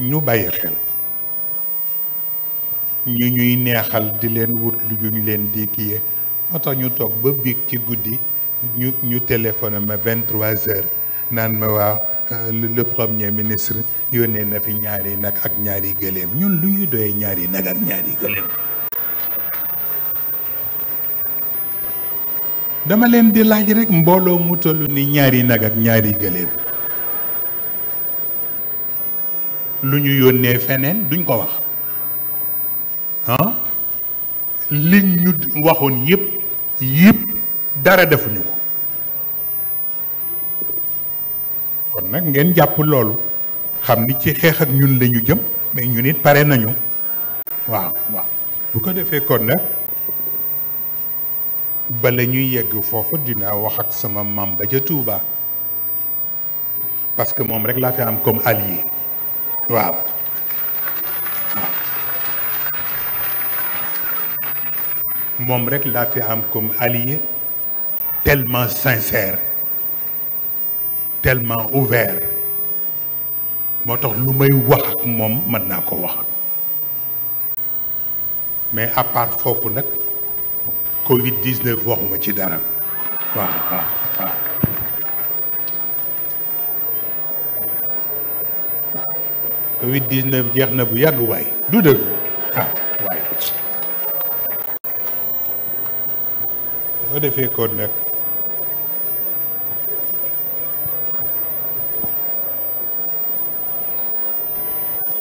ñu bàyyi xel ñu ñuy neexal di leen wut lu ñu leen di kiye moo tax ñu toog ba biig ci guddi ñu ñu téléphoné ma vingt trois heures naan ma waaw euh, le premier ministre yónnee na fi ñaari nag ak ñaari gëléem ñun lu ñuy doyee ñaari nag ak ñaari gëléem dama leen di laaj rek mbooloo mu tollu ni ñaari nag ak ñaari gëléem lu ñu yónnee feneen duñ ko wax ah liñ ñu waxoon yëpp yëpp dara defuñu ko kon nag ngeen jàpp loolu xam ni ci xeex ak ñun lañu jëm mais ñun it pare nañu waaw waaw bu ko defee kon nag bala ñuy yegg foofu dinaa wax ak sama maam ba ja tuubaa parce que moom rek laa fi am comme allié. waaw moom rek laa fi am comme allié tellement sincère tellement ouvert moo tax lu may wax ak moom mën naa ko wax mais à part foofu nag Covid 19 waxuma ci dara waaw Covid 19 jeex na bu yàgg waay du dëgg ah waay. bu ko defee kon nag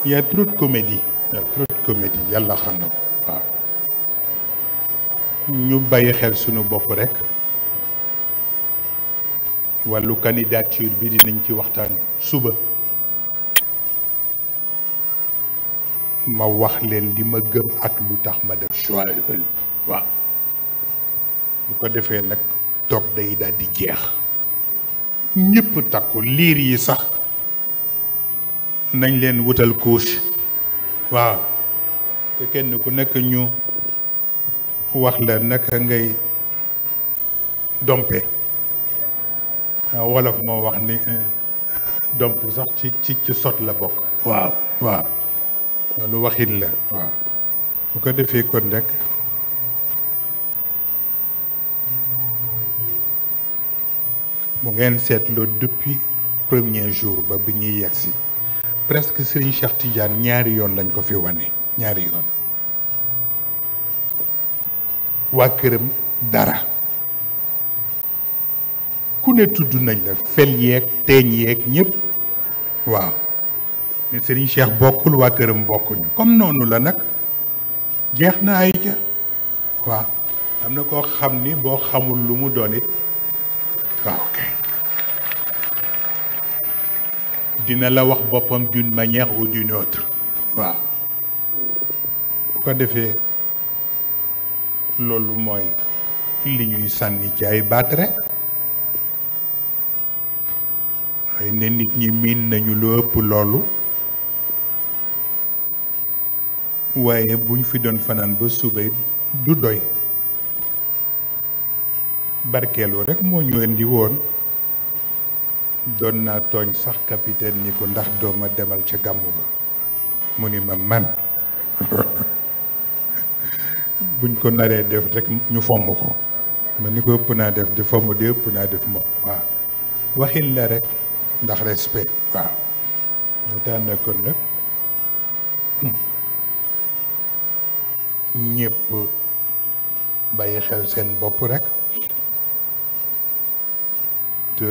il y a trop de comédie. yàlla xam na ñu bàyyi xel sunu bopp rekk wallu candidature bi dinañ ci waxtaan suba. ma wax leen li ma gëm ak lu tax ma def choix waaw bu ko defee nag toog day daal di jeex ñépp takku liir yi sax nañ leen wutal couche waaw te kenn ku nekk ñu wax la naka ngay dompe wolof moo wax ni eh, domp sax ci sot la bokk waaw waaw loolu waxin la waaw ko defee kon rek bu ngeen seetloo depuis premier jour ba bi ñuy yegsi presque Serigne Cheikh Tidiane ñaari yoon lañ ko fi wane ñaari yoon waa këram dara ku ne tudd nañ la fel yeeg teeñ yeeg ñëpp waaw ne Serigne Cheikh bokkul waa këram bokkuñu comme noonu la nag jeex na ay ja waaw am na koo xam ni boo xamul lu mu doon it waaw kay dina la wax boppam d'une ma ou d'une autre waaw bu ko defee loolu mooy li ñuy sànni ci ay baat rek waaye ne nit ñi miin nañu lu ëpp loolu waaye buñ fi doon fanaan ba suba du doy barkeelu rek moo ñu indi woon doon naa tooñ sax capitaine ni ko ndax dooma demal ca gàmmu ba mu ni ma man buñ ko naree def rek ñu fomm ko ma ni ko ëpp naa def di fomm di ëpp naa def ma waaw waxin la rek ndax respect waaw ñu tànn kon nag hmm. ñëpp bàyyi xel seen bopp rek te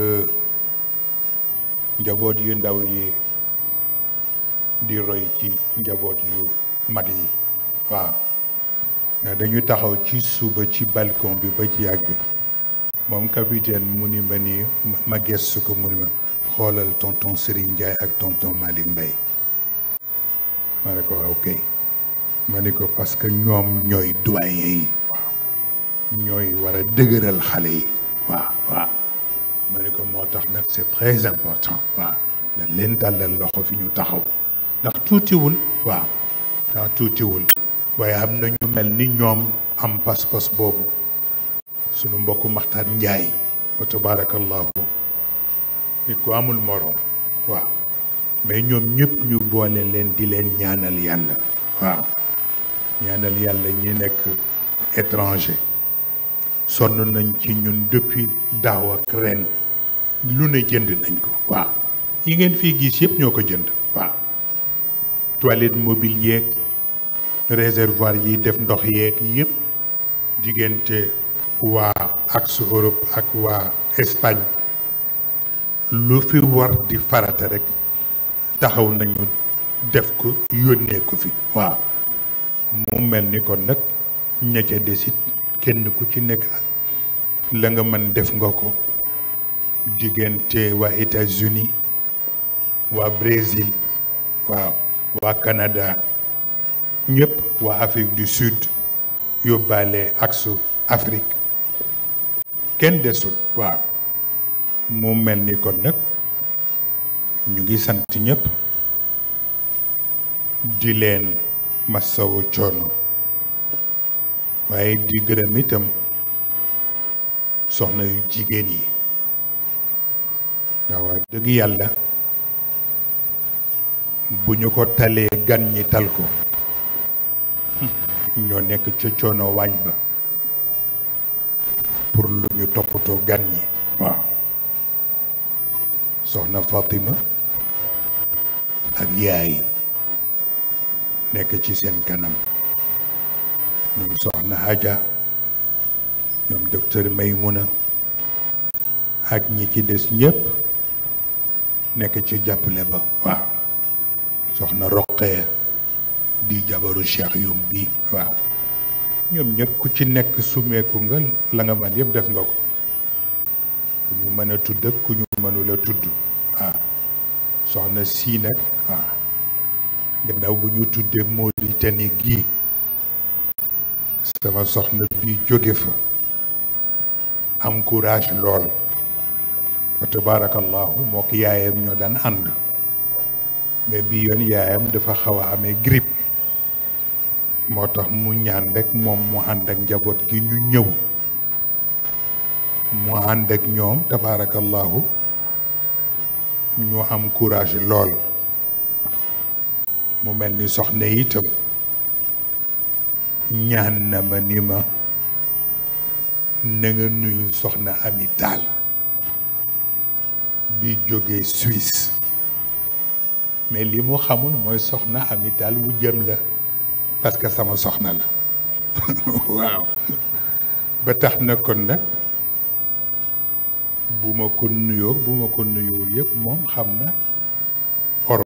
njaboot yu ndaw yi di roy ci njaboot yu mag yi waaw ndax dañu taxaw ci suba ci balcon bi ba ci yàgg moom capitaine mu ni ma ni ma gëstu ko mu ni ma xoolal tonton Serigne Ndiaye ak tonton Malick mbay ma ne ko waaw ma ni ko parce que ñoom ñooy doyen yi ñooy war a dëgëral xale yi waaw waaw ma ko moo tax nag c'est très important waaw ndax leen tàllal loxo fi ñu taxaw ndax tuutiwul waaw ndax waaye am na ñu mel ni ñoom am pas-pas boobu sunu mbokku maxtaan njaay wa tabarakallahu nit ko amul moroom waaw mais ñoom ñëpp ñu boole leen di leen ñaanal yàlla waaw ñaanal yàlla ñi nekk étranger sonn nañ ci ñun depuis daaw ak ren lu ne jënd nañ ko waaw yi ngeen fii gis yëpp ñoo ko jënd waaw toilette mobile yeeg réservoir yi def ndox yeeg yëpp diggante waa axe Europe ak waa Espagne lu fi war di farata rek taxaw nañu def ko yónnee ko fi waaw mu mel ni kon nag ña ca desit kenn ku ci nekk la nga mën def nga ko diggante waa États-Unis waa Brésil waaw waa Canada ñëpp waa Afrique du Sud yóbbaale aksu Afrique kenn desul waaw mu mel ni kon nag ñu ngi sant ñépp di leen massawu coono waaye di gërëm itam soxna yu jigéen yi ndax dëgg yàlla bu ñu ko talee gan ñi tal ko ñoo nekk ca coono waañ ba pour lu ñu toppatoo gan ñi waaw soxna Fatima ak yaay nekk ci seen kanam ñoom soxna Aja ñoom docteur Maymuna ak ñi ci des ñépp nekk ci jàppale ba waaw soxna roqee di jabaru cheikh yum bi ñoom ñëpp ku ci nekk sumeeku nga la nga man yëpp def nga ko ku ñu mën a tudd ak ku ñu mënul tudd waaw soxna sii nag waaw gannaaw bu ñu tuddee Mauritanie gii sama soxna bi jóge fa am courage lool wa tabarakallahu moo ki yaayam ñoo daan ànd mais bii yoon yaayam dafa xaw a amee grippe moo tax mu ñaan rek moom mu ànd ak njaboot gi ñu ñëw mu ànd ak ñoom tabarakallahu ñu am courage lool mu mel ni soxna itam ñaan na ma ni ma na nuyu soxna Ami bi jógee Suisse mais li mu xamul mooy soxna Ami Tall wu jëm la parce que sama soxna la waaw ba tax na kon nag bu ma ko nuyoo bu ma ko nuyoo yëpp moom xam na